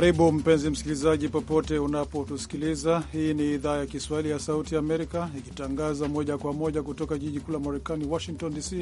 Karibu mpenzi msikilizaji, popote unapotusikiliza. Hii ni idhaa ya Kiswahili ya Sauti Amerika ikitangaza moja kwa moja kutoka jiji kuu la Marekani, Washington DC.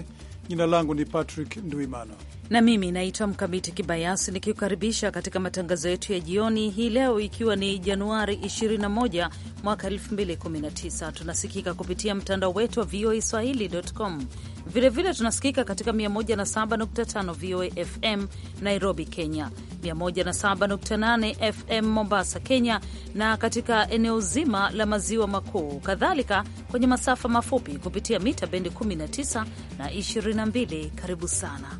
Jina langu ni Patrick Ndwimana na mimi naitwa Mkamiti Kibayasi, nikikukaribisha katika matangazo yetu ya jioni hii leo, ikiwa ni Januari 21 mwaka 2019. Tunasikika kupitia mtandao wetu wa voa swahili.com Vilevile tunasikika katika 107.5 VOA FM Nairobi, Kenya, 107.8 FM Mombasa, Kenya, na katika eneo zima la maziwa makuu, kadhalika kwenye masafa mafupi kupitia mita bendi 19 na 22. Karibu sana.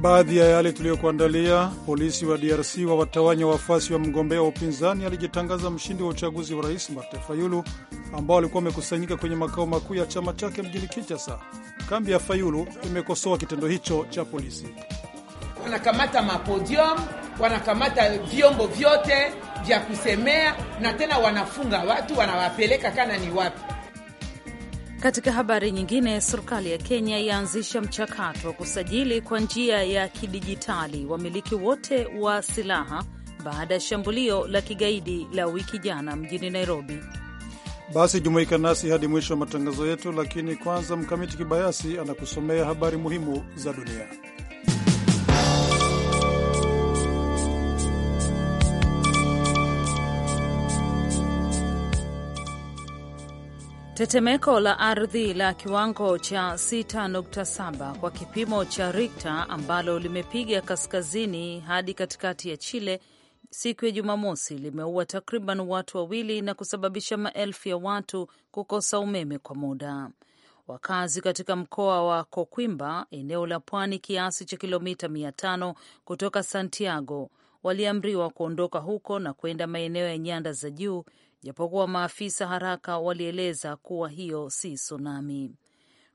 Baadhi ya yale tuliyokuandalia: polisi wa DRC wa watawanya wafuasi wa mgombea wa upinzani alijitangaza mshindi wa uchaguzi wa rais Marte Fayulu, ambao walikuwa wamekusanyika kwenye makao makuu ya chama chake mjini Kinshasa. Kambi ya Fayulu imekosoa kitendo hicho cha polisi. Wanakamata mapodium, wanakamata vyombo vyote vya kusemea, na tena wanafunga watu, wanawapeleka kana ni wapi katika habari nyingine, serikali ya Kenya yaanzisha mchakato wa kusajili kwa njia ya kidijitali wamiliki wote wa silaha baada ya shambulio la kigaidi la wiki jana mjini Nairobi. Basi jumuika nasi hadi mwisho wa matangazo yetu, lakini kwanza Mkamiti Kibayasi anakusomea habari muhimu za dunia. Tetemeko la ardhi la kiwango cha 6.7 kwa kipimo cha Richter ambalo limepiga kaskazini hadi katikati ya Chile siku ya Jumamosi limeua takriban watu wawili na kusababisha maelfu ya watu kukosa umeme kwa muda. Wakazi katika mkoa wa Coquimba, eneo la pwani kiasi cha kilomita 500 kutoka Santiago, waliamriwa kuondoka huko na kwenda maeneo ya nyanda za juu japokuwa maafisa haraka walieleza kuwa hiyo si tsunami.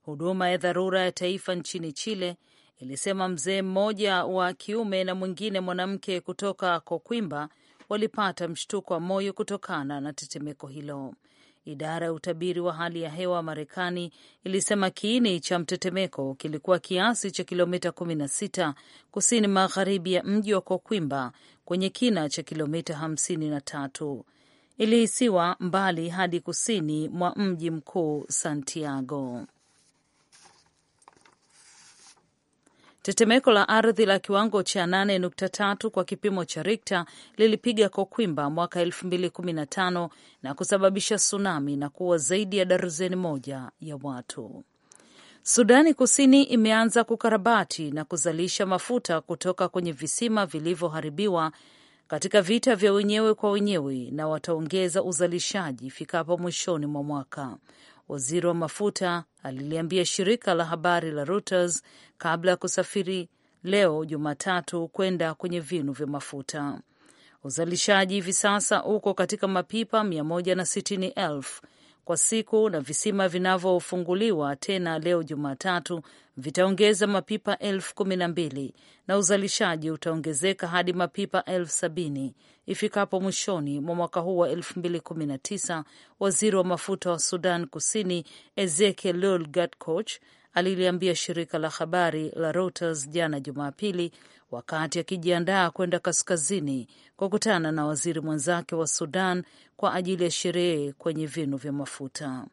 Huduma ya dharura ya taifa nchini Chile ilisema mzee mmoja wa kiume na mwingine mwanamke kutoka kokwimba walipata mshtuko wa moyo kutokana na tetemeko hilo. Idara ya utabiri wa hali ya hewa Marekani ilisema kiini cha mtetemeko kilikuwa kiasi cha kilomita 16 kusini magharibi ya mji wa Kokwimba kwenye kina cha kilomita 53 ilihisiwa mbali hadi kusini mwa mji mkuu Santiago. Tetemeko la ardhi la kiwango cha 8.3 kwa kipimo cha Rikta lilipiga Kokwimba mwaka 2015 na kusababisha tsunami na kuwa zaidi ya darzeni moja ya watu. Sudani Kusini imeanza kukarabati na kuzalisha mafuta kutoka kwenye visima vilivyoharibiwa katika vita vya wenyewe kwa wenyewe na wataongeza uzalishaji ifikapo mwishoni mwa mwaka, waziri wa mafuta aliliambia shirika la habari la Reuters kabla ya kusafiri leo Jumatatu kwenda kwenye vinu vya mafuta. Uzalishaji hivi sasa uko katika mapipa 160,000 kwa siku na visima vinavyofunguliwa tena leo Jumatatu vitaongeza mapipa elfu kumi na mbili na uzalishaji utaongezeka hadi mapipa elfu sabini ifikapo mwishoni mwa mwaka huu wa elfu mbili kumi na tisa. Waziri wa mafuta wa Sudan Kusini Ezekiel Gatcoch aliliambia shirika la habari la Reuters jana Jumapili wakati akijiandaa kwenda kaskazini kukutana na waziri mwenzake wa Sudan kwa ajili ya sherehe kwenye vinu vya mafuta.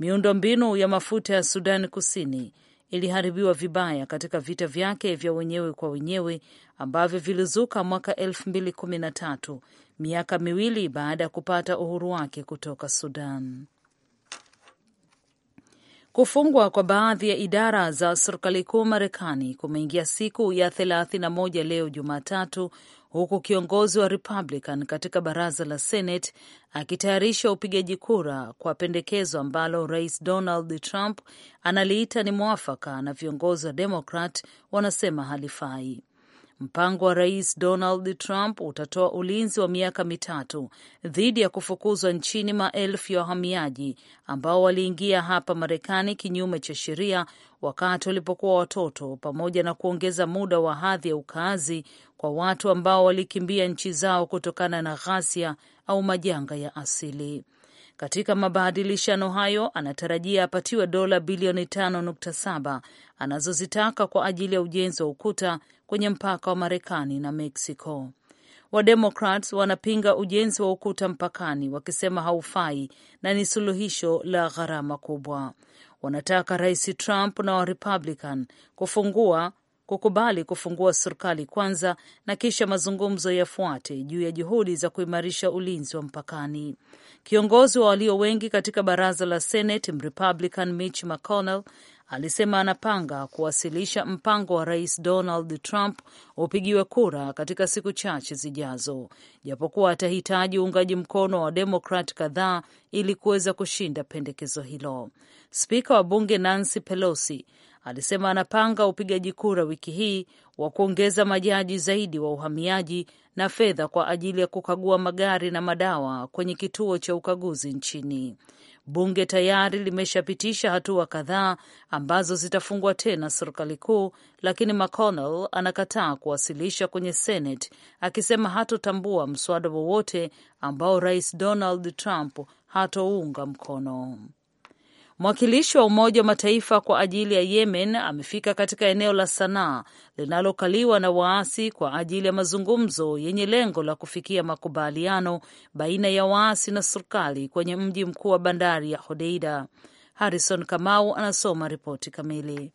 miundo mbinu ya mafuta ya sudani Kusini iliharibiwa vibaya katika vita vyake vya wenyewe kwa wenyewe ambavyo vilizuka mwaka 2013 miaka miwili baada ya kupata uhuru wake kutoka Sudan. Kufungwa kwa baadhi ya idara za serikali kuu Marekani kumeingia siku ya moja leo Jumatatu, huku kiongozi wa Republican katika baraza la Senate akitayarisha upigaji kura kwa pendekezo ambalo Rais Donald Trump analiita ni mwafaka na viongozi wa Demokrat wanasema halifai. Mpango wa Rais Donald Trump utatoa ulinzi wa miaka mitatu dhidi ya kufukuzwa nchini maelfu ya wahamiaji ambao waliingia hapa Marekani kinyume cha sheria wakati walipokuwa watoto, pamoja na kuongeza muda wa hadhi ya ukaazi kwa watu ambao walikimbia nchi zao kutokana na ghasia au majanga ya asili. Katika mabadilishano hayo anatarajia apatiwe dola bilioni 5.7 anazozitaka kwa ajili ya ujenzi wa ukuta kwenye mpaka wa Marekani na mexico Wademokrat wanapinga ujenzi wa ukuta mpakani, wakisema haufai na ni suluhisho la gharama kubwa. Wanataka Rais Trump na Warepublican kufungua kukubali kufungua serikali kwanza na kisha mazungumzo yafuate juu ya juhudi za kuimarisha ulinzi wa mpakani. Kiongozi wa walio wengi katika baraza la Senate Mrepublican Mitch McConnell alisema anapanga kuwasilisha mpango wa Rais Donald Trump upigiwe kura katika siku chache zijazo, japokuwa atahitaji uungaji mkono wa Demokrat kadhaa ili kuweza kushinda pendekezo hilo. Spika wa bunge Nancy Pelosi alisema anapanga upigaji kura wiki hii wa kuongeza majaji zaidi wa uhamiaji na fedha kwa ajili ya kukagua magari na madawa kwenye kituo cha ukaguzi nchini. Bunge tayari limeshapitisha hatua kadhaa ambazo zitafungwa tena serikali kuu, lakini McConnell anakataa kuwasilisha kwenye Senate akisema hatotambua mswada wowote ambao Rais Donald Trump hatounga mkono. Mwakilishi wa Umoja wa Mataifa kwa ajili ya Yemen amefika katika eneo la Sanaa linalokaliwa na waasi kwa ajili ya mazungumzo yenye lengo la kufikia makubaliano baina ya waasi na serikali kwenye mji mkuu wa bandari ya Hodeida. Harrison Kamau anasoma ripoti kamili.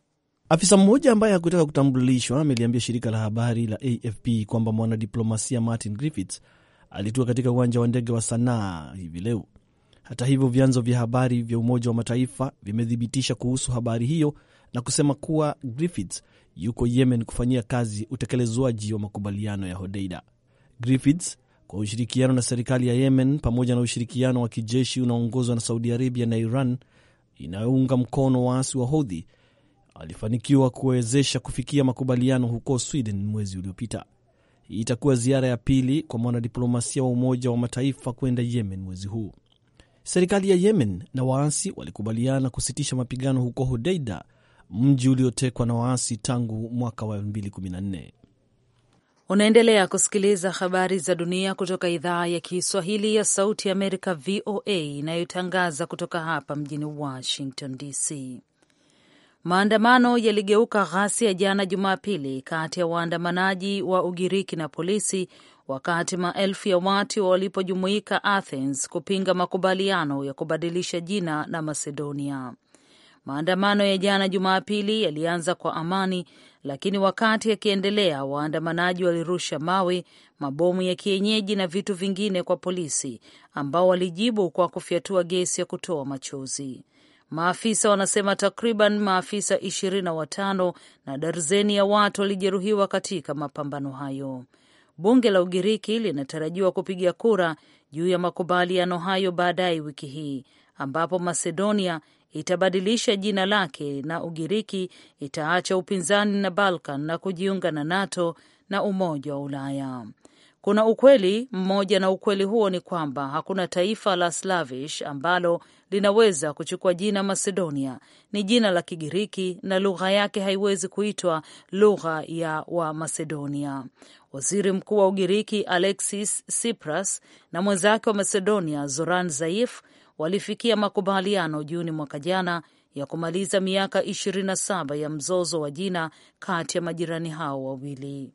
Afisa mmoja ambaye hakutaka kutambulishwa ameliambia shirika la habari la AFP kwamba mwanadiplomasia Martin Griffiths alitua katika uwanja wa ndege wa Sanaa hivi leo hata hivyo, vyanzo vya habari vya Umoja wa Mataifa vimethibitisha kuhusu habari hiyo na kusema kuwa Griffiths yuko Yemen kufanyia kazi utekelezwaji wa makubaliano ya Hodeida. Griffiths kwa ushirikiano na serikali ya Yemen pamoja na ushirikiano wa kijeshi unaoongozwa na Saudi Arabia na Iran inayounga mkono waasi wa Hodhi alifanikiwa kuwezesha kufikia makubaliano huko Sweden mwezi uliopita. Hii itakuwa ziara ya pili kwa mwanadiplomasia wa Umoja wa Mataifa kwenda Yemen mwezi huu. Serikali ya Yemen na waasi walikubaliana kusitisha mapigano huko Hodeida, mji uliotekwa na waasi tangu mwaka wa 2014. Unaendelea kusikiliza habari za dunia kutoka idhaa ya Kiswahili ya Sauti ya Amerika, VOA, inayotangaza kutoka hapa mjini Washington DC. Maandamano yaligeuka ghasia jana Jumapili kati ya waandamanaji wa Ugiriki na polisi wakati maelfu ya watu walipojumuika Athens kupinga makubaliano ya kubadilisha jina na Macedonia. Maandamano ya jana Jumapili yalianza kwa amani, lakini wakati yakiendelea, waandamanaji walirusha mawe, mabomu ya kienyeji na vitu vingine kwa polisi ambao walijibu kwa kufyatua gesi ya kutoa machozi. Maafisa wanasema takriban maafisa ishirini na watano na darzeni ya watu walijeruhiwa katika mapambano hayo. Bunge la Ugiriki linatarajiwa kupiga kura juu ya makubaliano hayo baadaye wiki hii ambapo Macedonia itabadilisha jina lake na Ugiriki itaacha upinzani na Balkan na kujiunga na NATO na Umoja wa Ulaya. Kuna ukweli mmoja, na ukweli huo ni kwamba hakuna taifa la Slavish ambalo linaweza kuchukua jina Macedonia. Ni jina la Kigiriki na lugha yake haiwezi kuitwa lugha ya Wamacedonia. Waziri Mkuu wa Ugiriki Alexis Tsipras na mwenzake wa Macedonia Zoran zaif walifikia makubaliano Juni mwaka jana ya kumaliza miaka 27 ya mzozo wa jina kati ya majirani hao wawili.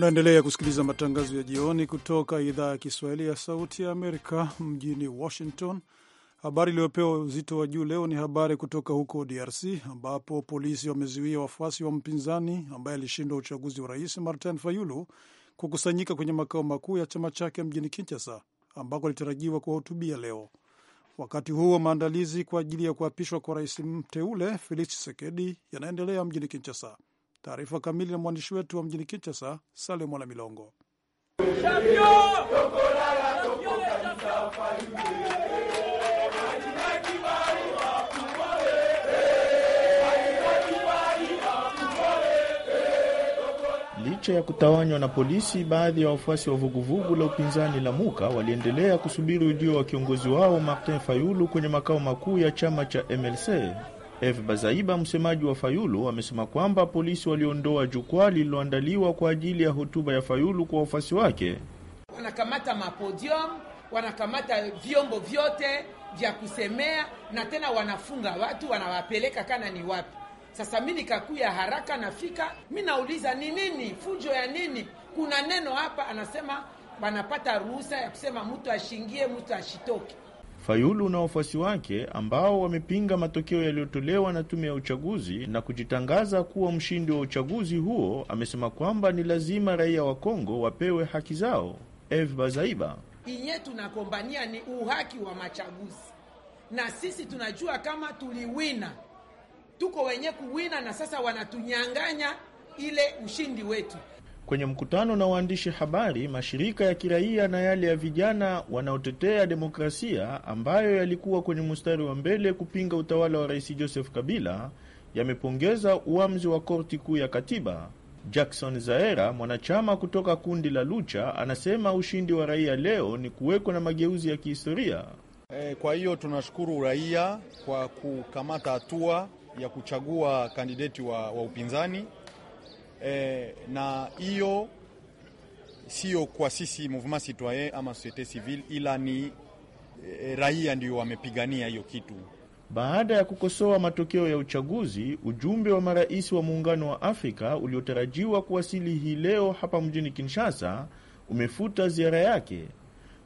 Unaendelea kusikiliza matangazo ya jioni kutoka idhaa ya Kiswahili ya Sauti ya Amerika mjini Washington. Habari iliyopewa uzito wa juu leo ni habari kutoka huko DRC ambapo polisi wamezuia wafuasi wa mpinzani ambaye alishindwa uchaguzi wa rais Martin Fayulu kukusanyika kwenye makao makuu ya chama chake mjini Kinshasa ambako alitarajiwa kuwahutubia leo. Wakati huo maandalizi kwa ajili ya kuapishwa kwa rais mteule Felix Tshisekedi yanaendelea mjini Kinshasa. Taarifa kamili na mwandishi wetu wa mjini Kinshasa, Sale Mwana Milongo. Licha ya kutawanywa na polisi, baadhi ya wafuasi wa vuguvugu la upinzani la Muka waliendelea kusubiri ujio wa kiongozi wao Martin Fayulu kwenye makao makuu ya chama cha MLC. F Bazaiba, msemaji wa Fayulu, amesema kwamba polisi waliondoa jukwaa lililoandaliwa kwa ajili ya hotuba ya Fayulu kwa wafuasi wake. Wanakamata mapodium, wanakamata vyombo vyote vya kusemea na tena wanafunga watu, wanawapeleka kana ni wapi. Sasa mi nikakuya haraka, nafika mi nauliza ni nini fujo ya nini? Kuna neno hapa, anasema wanapata ruhusa ya kusema mtu ashingie, mtu ashitoke Fayulu na wafuasi wake ambao wamepinga matokeo yaliyotolewa na tume ya uchaguzi na kujitangaza kuwa mshindi wa uchaguzi huo, amesema kwamba ni lazima raia wa Kongo wapewe haki zao. Eve Bazaiba: inye tunakombania ni uhaki wa machaguzi, na sisi tunajua kama tuliwina, tuko wenye kuwina, na sasa wanatunyang'anya ile ushindi wetu. Kwenye mkutano na waandishi habari, mashirika ya kiraia na yale ya vijana wanaotetea demokrasia ambayo yalikuwa kwenye mstari wa mbele kupinga utawala wa Rais Joseph Kabila yamepongeza uamuzi wa korti kuu ya katiba. Jackson Zaera, mwanachama kutoka kundi la Lucha, anasema ushindi wa raia leo ni kuwekwa na mageuzi ya kihistoria. E, kwa hiyo tunashukuru raia kwa kukamata hatua ya kuchagua kandideti wa, wa upinzani eh, na hiyo sio kwa sisi Mouvement Citoyen ama societe civile, ila ni eh, raia ndio wamepigania hiyo kitu. Baada ya kukosoa matokeo ya uchaguzi, ujumbe wa marais wa Muungano wa Afrika uliotarajiwa kuwasili hii leo hapa mjini Kinshasa umefuta ziara yake.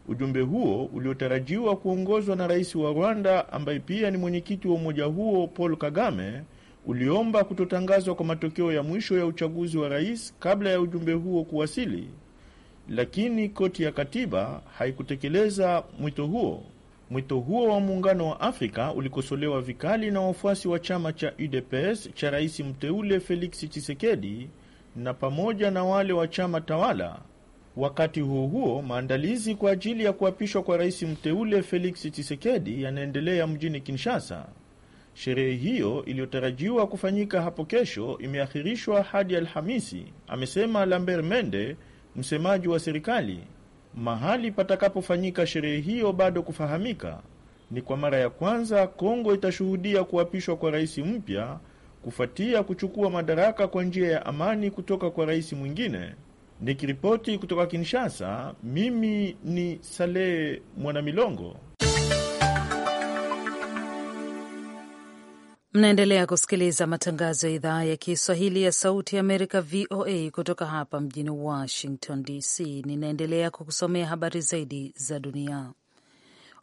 Ujumbe huo uliotarajiwa kuongozwa na rais wa Rwanda ambaye pia ni mwenyekiti wa umoja huo Paul Kagame uliomba kutotangazwa kwa matokeo ya mwisho ya uchaguzi wa rais kabla ya ujumbe huo kuwasili, lakini koti ya katiba haikutekeleza mwito huo. Mwito huo wa muungano wa Afrika ulikosolewa vikali na wafuasi wa chama cha UDPS cha rais mteule Felix Tshisekedi na pamoja na wale wa chama tawala. Wakati huo huo, maandalizi kwa ajili ya kuapishwa kwa rais mteule Felix Tshisekedi yanaendelea mjini Kinshasa. Sherehe hiyo iliyotarajiwa kufanyika hapo kesho imeahirishwa hadi Alhamisi, amesema lamber Mende, msemaji wa serikali. Mahali patakapofanyika sherehe hiyo bado kufahamika. Ni kwa mara ya kwanza Kongo itashuhudia kuapishwa kwa rais mpya kufuatia kuchukua madaraka kwa njia ya amani kutoka kwa rais mwingine. Nikiripoti kutoka Kinshasa, mimi ni Saleh Mwanamilongo. Mnaendelea kusikiliza matangazo ya idhaa ya Kiswahili ya Sauti ya Amerika, VOA, kutoka hapa mjini Washington DC. Ninaendelea kukusomea habari zaidi za dunia.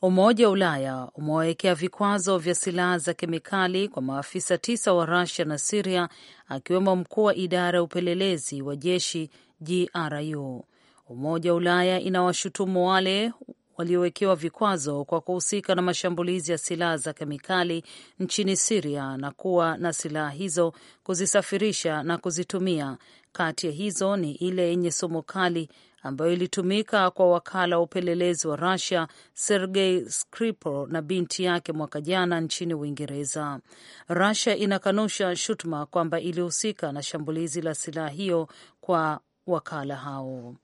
Umoja wa Ulaya umewawekea vikwazo vya silaha za kemikali kwa maafisa tisa wa Rusia na Siria, akiwemo mkuu wa idara ya upelelezi wa jeshi GRU. Umoja wa Ulaya inawashutumu wale waliowekewa vikwazo kwa kuhusika na mashambulizi ya silaha za kemikali nchini Siria na kuwa na silaha hizo kuzisafirisha na kuzitumia. Kati ya hizo ni ile yenye sumu kali ambayo ilitumika kwa wakala wa upelelezi wa Rusia Sergei Skripal na binti yake mwaka jana nchini Uingereza. Rusia inakanusha shutuma kwamba ilihusika na shambulizi la silaha hiyo kwa wakala hao.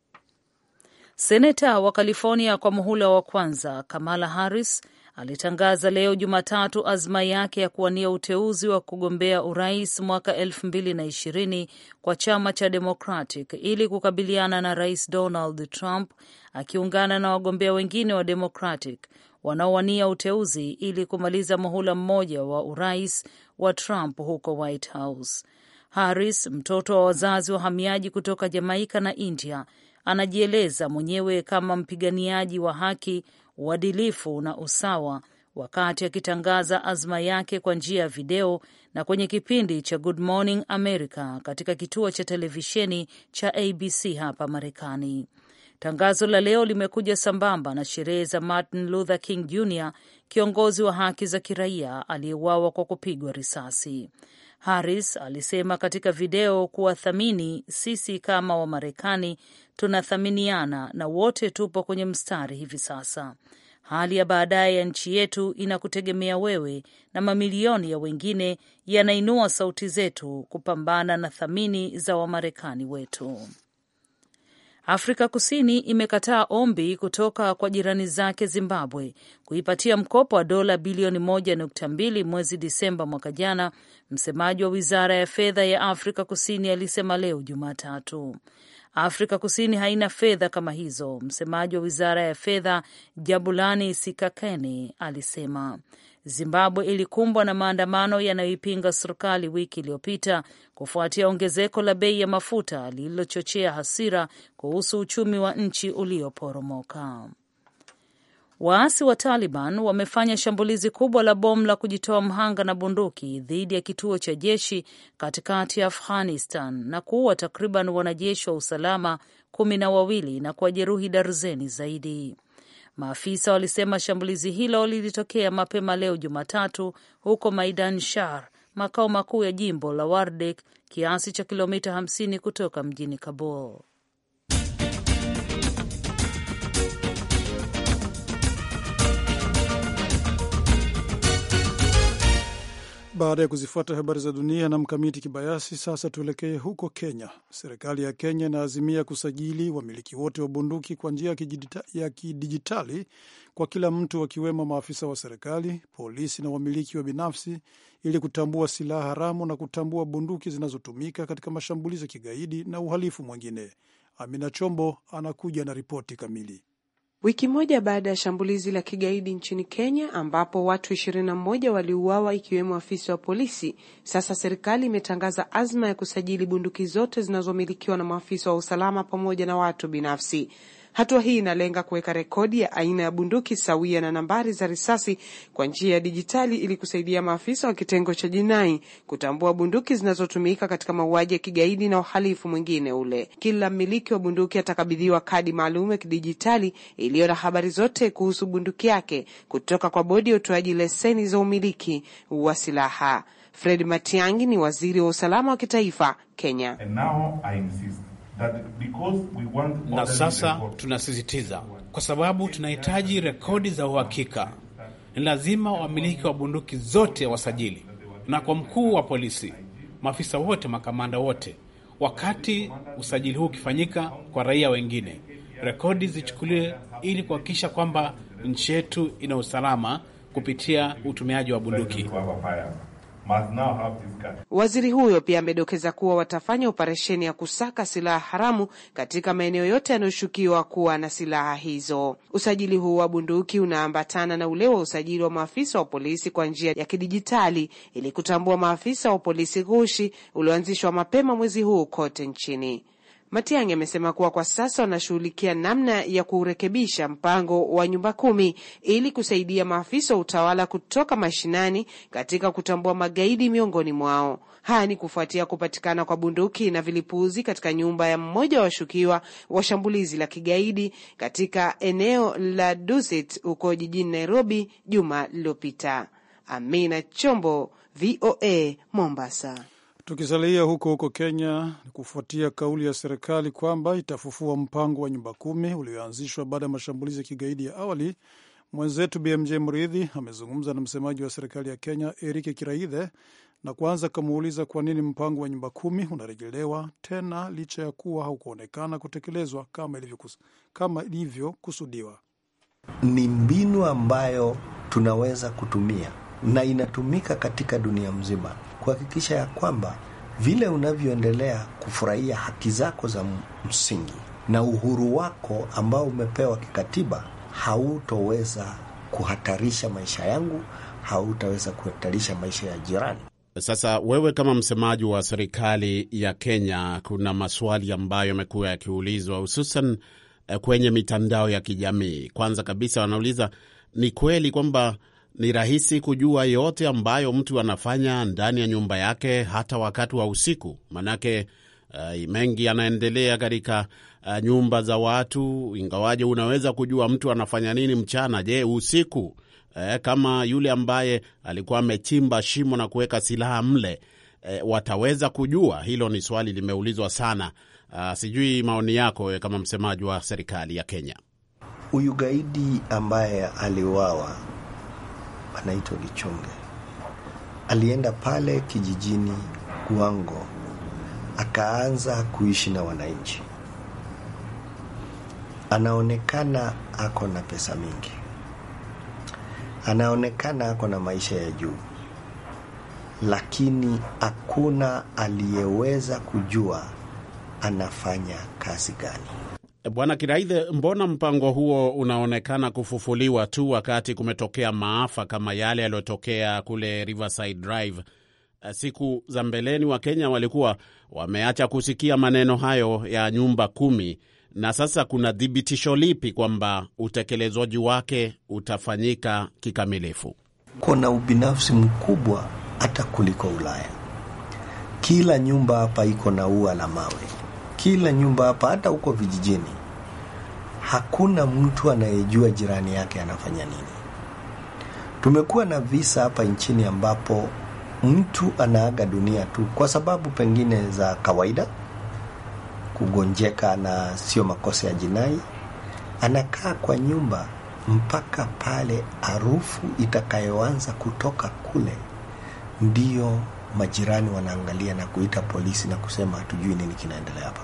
Seneta wa California kwa muhula wa kwanza Kamala Harris alitangaza leo Jumatatu azma yake ya kuwania uteuzi wa kugombea urais mwaka elfu mbili na ishirini kwa chama cha Democratic ili kukabiliana na Rais Donald Trump akiungana na wagombea wengine wa Democratic wanaowania uteuzi ili kumaliza muhula mmoja wa urais wa Trump huko White House. Harris, mtoto wa wazazi wahamiaji kutoka Jamaika na India, anajieleza mwenyewe kama mpiganiaji wa haki, uadilifu na usawa wakati akitangaza azma yake kwa njia ya video na kwenye kipindi cha Good Morning America katika kituo cha televisheni cha ABC hapa Marekani. Tangazo la leo limekuja sambamba na sherehe za Martin Luther King Jr, kiongozi wa haki za kiraia aliyeuawa kwa kupigwa risasi. Harris alisema katika video kuwa thamini sisi kama Wamarekani tunathaminiana na wote tupo kwenye mstari hivi sasa. Hali ya baadaye ya nchi yetu inakutegemea wewe, na mamilioni ya wengine yanainua sauti zetu kupambana na thamini za Wamarekani wetu. Afrika Kusini imekataa ombi kutoka kwa jirani zake Zimbabwe kuipatia mkopo wa dola bilioni 1.2 mwezi Disemba mwaka jana, msemaji wa wizara ya fedha ya Afrika Kusini alisema leo Jumatatu. Afrika Kusini haina fedha kama hizo, msemaji wa wizara ya fedha Jabulani Sikakeni alisema. Zimbabwe ilikumbwa na maandamano yanayoipinga serikali wiki iliyopita kufuatia ongezeko la bei ya mafuta lililochochea hasira kuhusu uchumi wa nchi ulioporomoka. Waasi wa Taliban wamefanya shambulizi kubwa la bomu la kujitoa mhanga na bunduki dhidi ya kituo cha jeshi katikati ya Afghanistan na kuua takriban wanajeshi wa usalama kumi na wawili na kuwajeruhi darzeni zaidi. Maafisa walisema shambulizi hilo lilitokea mapema leo Jumatatu huko Maidan Shar, makao makuu ya jimbo la Wardek, kiasi cha kilomita 50 kutoka mjini Kabul. Baada ya kuzifuata habari za dunia na Mkamiti Kibayasi, sasa tuelekee huko Kenya. Serikali ya Kenya inaazimia kusajili wamiliki wote wa bunduki kwa njia ya kidijitali kwa kila mtu, wakiwemo maafisa wa serikali, polisi na wamiliki wa binafsi, ili kutambua silaha haramu na kutambua bunduki zinazotumika katika mashambulizi ya kigaidi na uhalifu mwingine. Amina Chombo anakuja na ripoti kamili. Wiki moja baada ya shambulizi la kigaidi nchini Kenya ambapo watu 21 waliuawa ikiwemo afisa wa polisi, sasa serikali imetangaza azma ya kusajili bunduki zote zinazomilikiwa na maafisa wa usalama pamoja na watu binafsi. Hatua hii inalenga kuweka rekodi ya aina ya bunduki sawia na nambari za risasi kwa njia ya dijitali ili kusaidia maafisa wa kitengo cha jinai kutambua bunduki zinazotumika katika mauaji ya kigaidi na uhalifu mwingine ule. Kila mmiliki wa bunduki atakabidhiwa kadi maalum ya kidijitali iliyo na habari zote kuhusu bunduki yake kutoka kwa bodi ya utoaji leseni za umiliki wa silaha. Fred Matiang'i ni waziri wa usalama wa kitaifa Kenya. And now I insist na sasa tunasisitiza kwa sababu tunahitaji rekodi za uhakika. Ni lazima wamiliki wa bunduki zote wasajili, na kwa mkuu wa polisi, maafisa wote, makamanda wote. Wakati usajili huu ukifanyika kwa raia wengine, rekodi zichukuliwe ili kuhakikisha kwamba nchi yetu ina usalama kupitia utumiaji wa bunduki must now have this gun. Waziri huyo pia amedokeza kuwa watafanya operesheni ya kusaka silaha haramu katika maeneo yote yanayoshukiwa kuwa na silaha hizo. Usajili huu wa bunduki unaambatana na ule wa usajili wa maafisa wa polisi kwa njia ya kidijitali ili kutambua maafisa wa polisi ghushi ulioanzishwa mapema mwezi huu kote nchini. Matiang'i amesema kuwa kwa sasa wanashughulikia namna ya kurekebisha mpango wa nyumba kumi ili kusaidia maafisa wa utawala kutoka mashinani katika kutambua magaidi miongoni mwao. Haya ni kufuatia kupatikana kwa bunduki na vilipuzi katika nyumba ya mmoja wa washukiwa wa shambulizi la kigaidi katika eneo la Dusit huko jijini Nairobi juma lililopita. Amina Chombo, VOA, Mombasa. Tukisalia huko huko Kenya, ni kufuatia kauli ya serikali kwamba itafufua mpango wa nyumba kumi ulioanzishwa baada ya mashambulizi ya kigaidi ya awali. Mwenzetu BMJ Mridhi amezungumza na msemaji wa serikali ya Kenya Erike Kiraithe na kwanza akamuuliza kwa nini mpango wa nyumba kumi unarejelewa tena licha ya kuwa haukuonekana kutekelezwa kama ilivyokusudiwa. ni mbinu ambayo tunaweza kutumia na inatumika katika dunia mzima kuhakikisha ya kwamba vile unavyoendelea kufurahia haki zako za msingi na uhuru wako ambao umepewa kikatiba, hautoweza kuhatarisha maisha yangu, hautaweza kuhatarisha maisha ya jirani. Sasa wewe kama msemaji wa serikali ya Kenya, kuna maswali ambayo yamekuwa yakiulizwa hususan eh, kwenye mitandao ya kijamii. Kwanza kabisa wanauliza ni kweli kwamba ni rahisi kujua yote ambayo mtu anafanya ndani ya nyumba yake, hata wakati wa usiku, manake uh, mengi yanaendelea katika uh, nyumba za watu, ingawaje unaweza kujua mtu anafanya nini mchana. Je, usiku uh, kama yule ambaye alikuwa amechimba shimo na kuweka silaha mle uh, wataweza kujua? Hilo ni swali limeulizwa sana. Uh, sijui maoni yako kama msemaji wa serikali ya Kenya. Huyu gaidi ambaye aliuawa anaitwa Gichonge. Alienda pale kijijini Guango, akaanza kuishi na wananchi. Anaonekana ako na pesa mingi, anaonekana ako na maisha ya juu, lakini hakuna aliyeweza kujua anafanya kazi gani. Bwana Kiraithe, mbona mpango huo unaonekana kufufuliwa tu wakati kumetokea maafa kama yale yaliyotokea kule Riverside Drive? Eh, siku za mbeleni Wakenya walikuwa wameacha kusikia maneno hayo ya nyumba kumi, na sasa kuna dhibitisho lipi kwamba utekelezwaji wake utafanyika kikamilifu? Kuna ubinafsi mkubwa hata kuliko Ulaya. Kila nyumba hapa iko na ua la mawe kila nyumba hapa, hata huko vijijini, hakuna mtu anayejua jirani yake anafanya nini. Tumekuwa na visa hapa nchini ambapo mtu anaaga dunia tu kwa sababu pengine za kawaida, kugonjeka na sio makosa ya jinai. Anakaa kwa nyumba mpaka pale harufu itakayoanza kutoka kule, ndio majirani wanaangalia na kuita polisi na kusema hatujui nini kinaendelea hapa.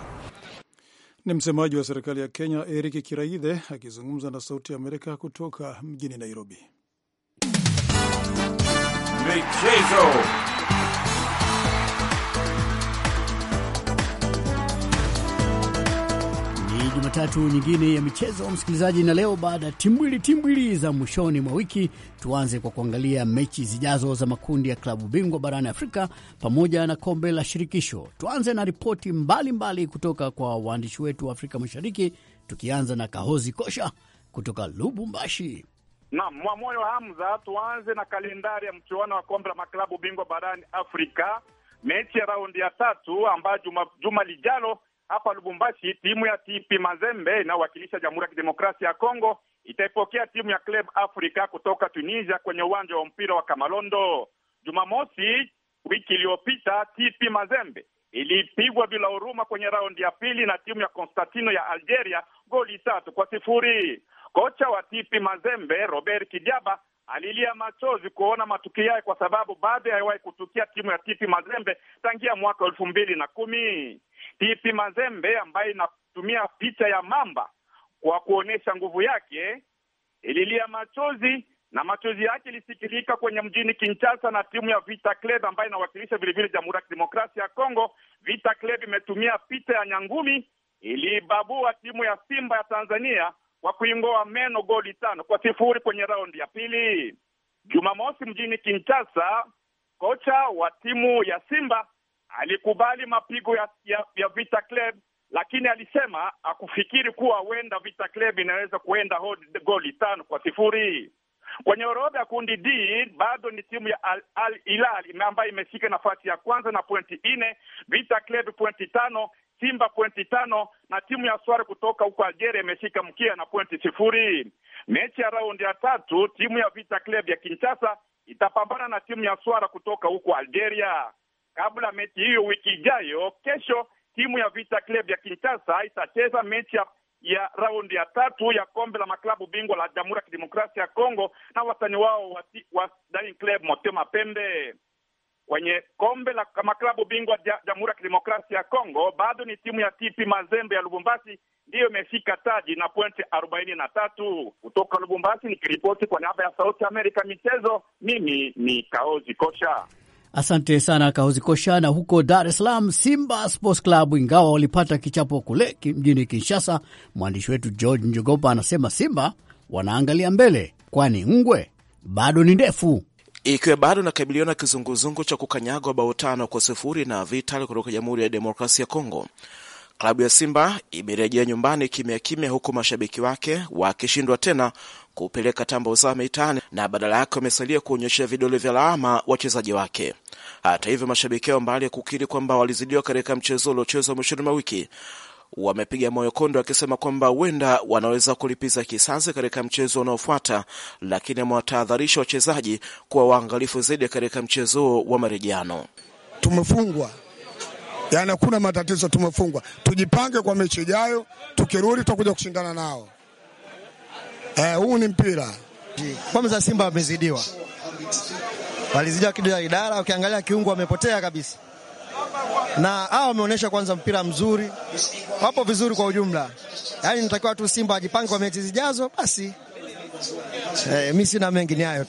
Ni msemaji wa serikali ya Kenya Eric Kiraithe akizungumza na Sauti ya Amerika kutoka mjini Nairobi. Michezo. tatu nyingine ya michezo, msikilizaji, na leo baada ya timbwili timbwili za mwishoni mwa wiki, tuanze kwa kuangalia mechi zijazo za makundi ya klabu bingwa barani Afrika pamoja na kombe la shirikisho. Tuanze na ripoti mbalimbali kutoka kwa waandishi wetu wa Afrika Mashariki, tukianza na Kahozi Kosha kutoka Lubumbashi. Naam, Mwamoyo Hamza, tuanze na kalendari ya mchuano wa kombe la maklabu bingwa barani Afrika, mechi ya raundi ya tatu ambayo juma, juma lijalo hapa Lubumbashi, timu ya TP Mazembe inayowakilisha Jamhuri ya Kidemokrasia ya Kongo itaipokea timu ya Club Africa kutoka Tunisia kwenye uwanja wa mpira wa Kamalondo. Jumamosi wiki iliyopita, TP Mazembe ilipigwa bila huruma kwenye raundi ya pili na timu ya Constantino ya Algeria goli tatu kwa sifuri. Kocha wa TP Mazembe Robert Kidiaba alilia machozi kuona matukio yake, kwa sababu bado haiwahi kutukia timu ya TP Mazembe tangia mwaka elfu mbili na kumi pipi mazembe ambayo inatumia picha ya mamba kwa kuonyesha nguvu yake, ililia machozi na machozi yake ilisikilika kwenye mjini Kinshasa na timu ya Vita Club ambayo inawakilisha vilevile Jamhuri ya Kidemokrasia ya Kongo. Vita Club imetumia picha ya nyangumi ilibabua timu ya Simba ya Tanzania kwa kuingoa meno goli tano kwa sifuri kwenye raundi ya pili. Jumamosi mjini Kinshasa, kocha wa timu ya Simba alikubali mapigo ya, ya, ya Vita Club, lakini alisema akufikiri kuwa huenda Vita Club inaweza kuenda goli tano kwa sifuri. Kwenye orodha ya kundi D bado ni timu ya Al, Hilal ambayo imeshika nafasi ya kwanza na pointi nne, Vita Club pointi tano, Simba pointi tano na timu ya swara kutoka huko Algeria imeshika mkia na pointi sifuri. Mechi ya raundi ya tatu timu ya Vita Club ya Kinshasa itapambana na timu ya Swara kutoka huko Algeria kabla mechi hiyo wiki ijayo. Kesho timu ya Vita Club ya Kinshasa itacheza mechi ya ya raundi ya tatu ya kombe la maklabu bingwa la Jamhuri ya Kidemokrasia ya Kongo na watani wao wa, wa Daring Club Motema Pembe. kombe la maklabu bingwa ya Jamhuri ya Kidemokrasia ya Kongo bado ni timu ya TP Mazembe ya Lubumbashi ndiyo imeshika taji na pointi arobaini na tatu. Kutoka Lubumbashi nikiripoti kwa niaba ya Sauti Amerika michezo, mimi ni Kaozi Kosha. Asante sana Kahozi na huko Dar es Salaam. Simba Sports Club ingawa walipata kichapo kule mjini Kinshasa, mwandishi wetu George Njogopa anasema Simba wanaangalia mbele, kwani ngwe bado ni ndefu ikiwa bado nakabiliwa na kizunguzungu cha kukanyagwa bao tano kwa sifuri na Vital kutoka Jamhuri ya Demokrasia ya Kongo. Klabu ya Simba imerejea nyumbani kimya kimya, huku mashabiki wake wakishindwa tena kupeleka tambo zao mitaani na badala yake wamesalia kuonyesha vidole vya laama wachezaji wake. Hata hivyo, mashabiki hao mbali ya kukiri kwamba walizidiwa katika mchezo uliochezwa mwishoni mwa wiki wamepiga moyo kondo wakisema kwamba huenda wanaweza kulipiza kisasi katika mchezo unaofuata, lakini amewatahadharisha wachezaji kuwa waangalifu zaidi katika mchezo wa marejiano Tumefungwa yani hakuna matatizo, tumefungwa. Tujipange kwa mechi ijayo, tukirudi tutakuja kushindana nao. Eh, huu ni mpira. Kwanza Simba wamezidiwa, walizidiwa kitu ya idara. Ukiangalia kiungo wamepotea kabisa, na hawa wameonyesha kwanza mpira mzuri, wapo vizuri kwa ujumla. Yani natakiwa tu Simba ajipange kwa mechi zijazo basi. Eh, mi sina mengi, ni hayo.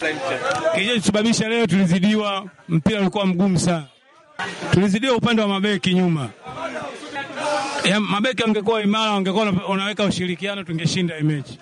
Kilichosababisha leo tulizidiwa, mpira ulikuwa mgumu sana. Tulizidiwa upande wa mabeki nyuma ya, mabeki wangekuwa imara, wangekuwa unaweka ushirikiano, tungeshinda mechi.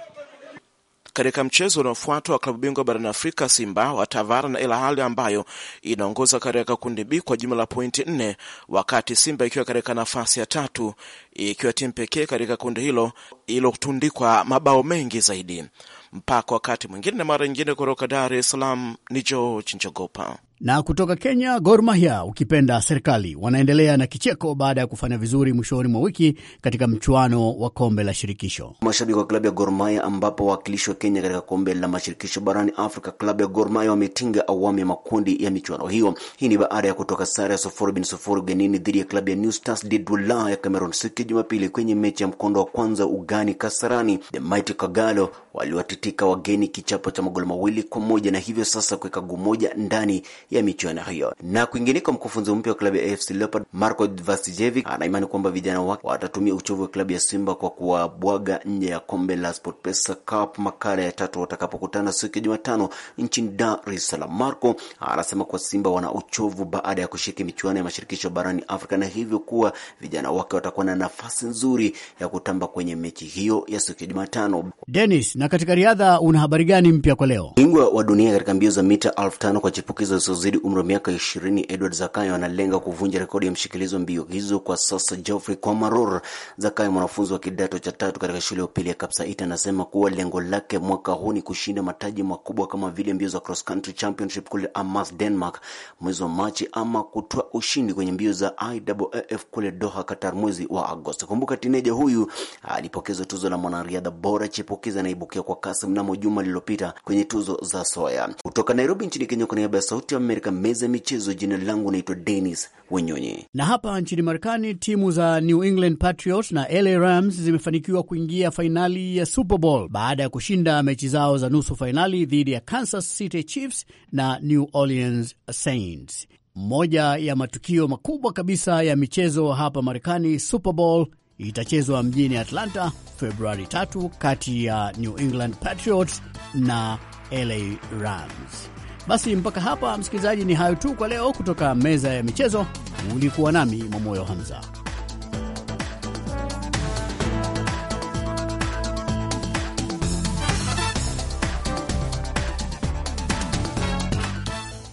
Katika mchezo unaofuata wa klabu bingwa barani Afrika, Simba watavara na Al Ahly ambayo inaongoza katika kundi B kwa jumla la pointi nne, wakati Simba ikiwa katika nafasi ya tatu, ikiwa timu pekee katika kundi hilo ilotundikwa mabao mengi zaidi. Mpaka wakati mwingine na mara nyingine, kutoka Dar es Salaam ni George Njogopa. Na kutoka Kenya, Gor Mahia ukipenda serikali wanaendelea na kicheko baada ya kufanya vizuri mwishoni mwa wiki katika mchuano wa kombe la shirikisho. Mashabiki wa klabu ya Gor Mahia, ambapo wawakilishi wa Kenya katika kombe la mashirikisho barani Afrika, klabu ya Gor Mahia wametinga awamu ya makundi ya michuano hiyo. Hii ni baada ya kutoka sare ya sufuri bin sufuri ugenini dhidi ya klabu ya New Stars de Douala ya Cameroon siku ya Jumapili kwenye mechi ya mkondo wa kwanza ugani Kasarani. The Mighty Kagalo waliwatitika wageni kichapo cha magoli mawili kwa moja na hivyo sasa kuweka goli moja ndani ya michuano hiyo. Na kwingineko, mkufunzi mpya wa klabu ya AFC Leopard Marko Vasijevic anaimani kwamba vijana wake watatumia uchovu wa klabu ya Simba kwa kuwabwaga nje ya kombe la SportPesa Cup makala ya tatu watakapokutana siku ya Jumatano nchini Dar es Salaam. Marko anasema kuwa Simba wana uchovu baada ya kushiriki michuano ya mashirikisho barani Afrika na hivyo kuwa vijana wake watakuwa na nafasi nzuri ya kutamba kwenye mechi hiyo ya siku ya Jumatano. Dennis, na katika riadha una habari gani mpya kwa leo? Bingwa wa dunia katika mbio za mita elfu tano kwa chipukizo wasiozidi umri wa miaka ishirini Edward Zakayo analenga kuvunja rekodi ya mshikilizo mbio hizo kwa sasa Geoffrey Kwamaror Zakayo, mwanafunzi wa kidato cha tatu katika shule ya upili ya Kapsait, anasema kuwa lengo lake mwaka huu ni kushinda mataji makubwa kama vile mbio za cross country championship kule amas Denmark mwezi wa Machi ama kutoa ushindi kwenye mbio za IAAF kule Doha, Qatar mwezi wa Agosti. Kumbuka tineja huyu alipokezwa tuzo la mwanariadha bora chipukiza anaibukia kwa kasi mnamo juma lililopita kwenye tuzo za Soya. Kutoka Nairobi nchini Kenya, kwa niaba ya Sauti Amerika, meza ya michezo. Jina langu naitwa Dennis Wenyonye. Na hapa nchini Marekani, timu za New England Patriots na LA Rams zimefanikiwa kuingia fainali ya Super Bowl baada ya kushinda mechi zao za nusu fainali dhidi ya Kansas City Chiefs na New Orleans Saints. Moja ya matukio makubwa kabisa ya michezo hapa Marekani, Super Bowl itachezwa mjini Atlanta Februari 3 kati ya New England Patriots na LA Rams. Basi mpaka hapa, msikilizaji, ni hayo tu kwa leo kutoka meza ya michezo. Ulikuwa nami mwamoyo Hamza.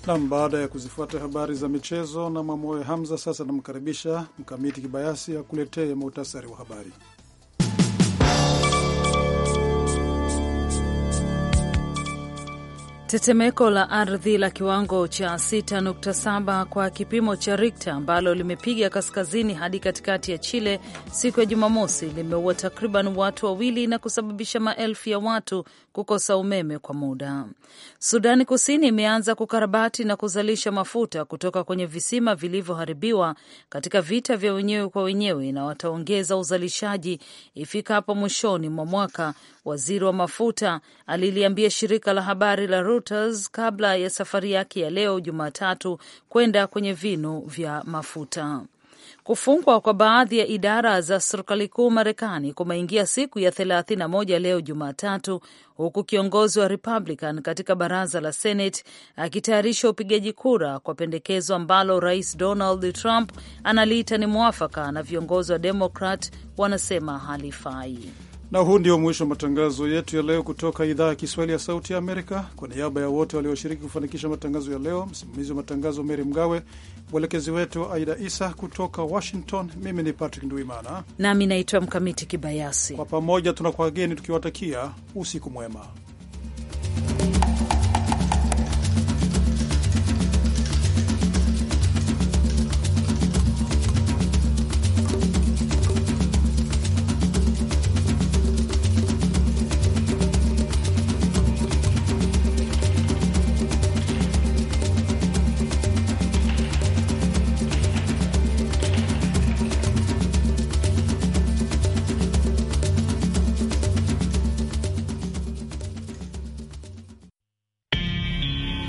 Nam, baada ya kuzifuata habari za michezo na Mwamoyo Hamza, sasa namkaribisha Mkamiti Kibayasi akuletee muhtasari wa habari. Tetemeko la ardhi la kiwango cha 6.7 kwa kipimo cha Richter ambalo limepiga kaskazini hadi katikati ya Chile siku ya Jumamosi limeua takriban watu wawili na kusababisha maelfu ya watu kukosa umeme kwa muda. Sudani Kusini imeanza kukarabati na kuzalisha mafuta kutoka kwenye visima vilivyoharibiwa katika vita vya wenyewe kwa wenyewe na wataongeza uzalishaji ifikapo mwishoni mwa mwaka, waziri wa mafuta aliliambia shirika la habari la Reuters kabla ya safari yake ya leo Jumatatu kwenda kwenye vinu vya mafuta. Kufungwa kwa baadhi ya idara za serikali kuu Marekani kumeingia siku ya 31 leo Jumatatu, huku kiongozi wa Republican katika baraza la Senate akitayarisha upigaji kura kwa pendekezo ambalo Rais Donald Trump analiita ni mwafaka na viongozi wa Demokrat wanasema halifai. Na huu ndio mwisho wa matangazo yetu ya leo kutoka idhaa ya Kiswahili ya Sauti ya Amerika. Kwa niaba ya wote walioshiriki kufanikisha matangazo ya leo, msimamizi wa matangazo Meri Mgawe, mwelekezi wetu Aida Isa kutoka Washington, mimi ni Patrick Nduimana nami naitwa Mkamiti Kibayasi. Kwa pamoja tunakuageni tukiwatakia usiku mwema.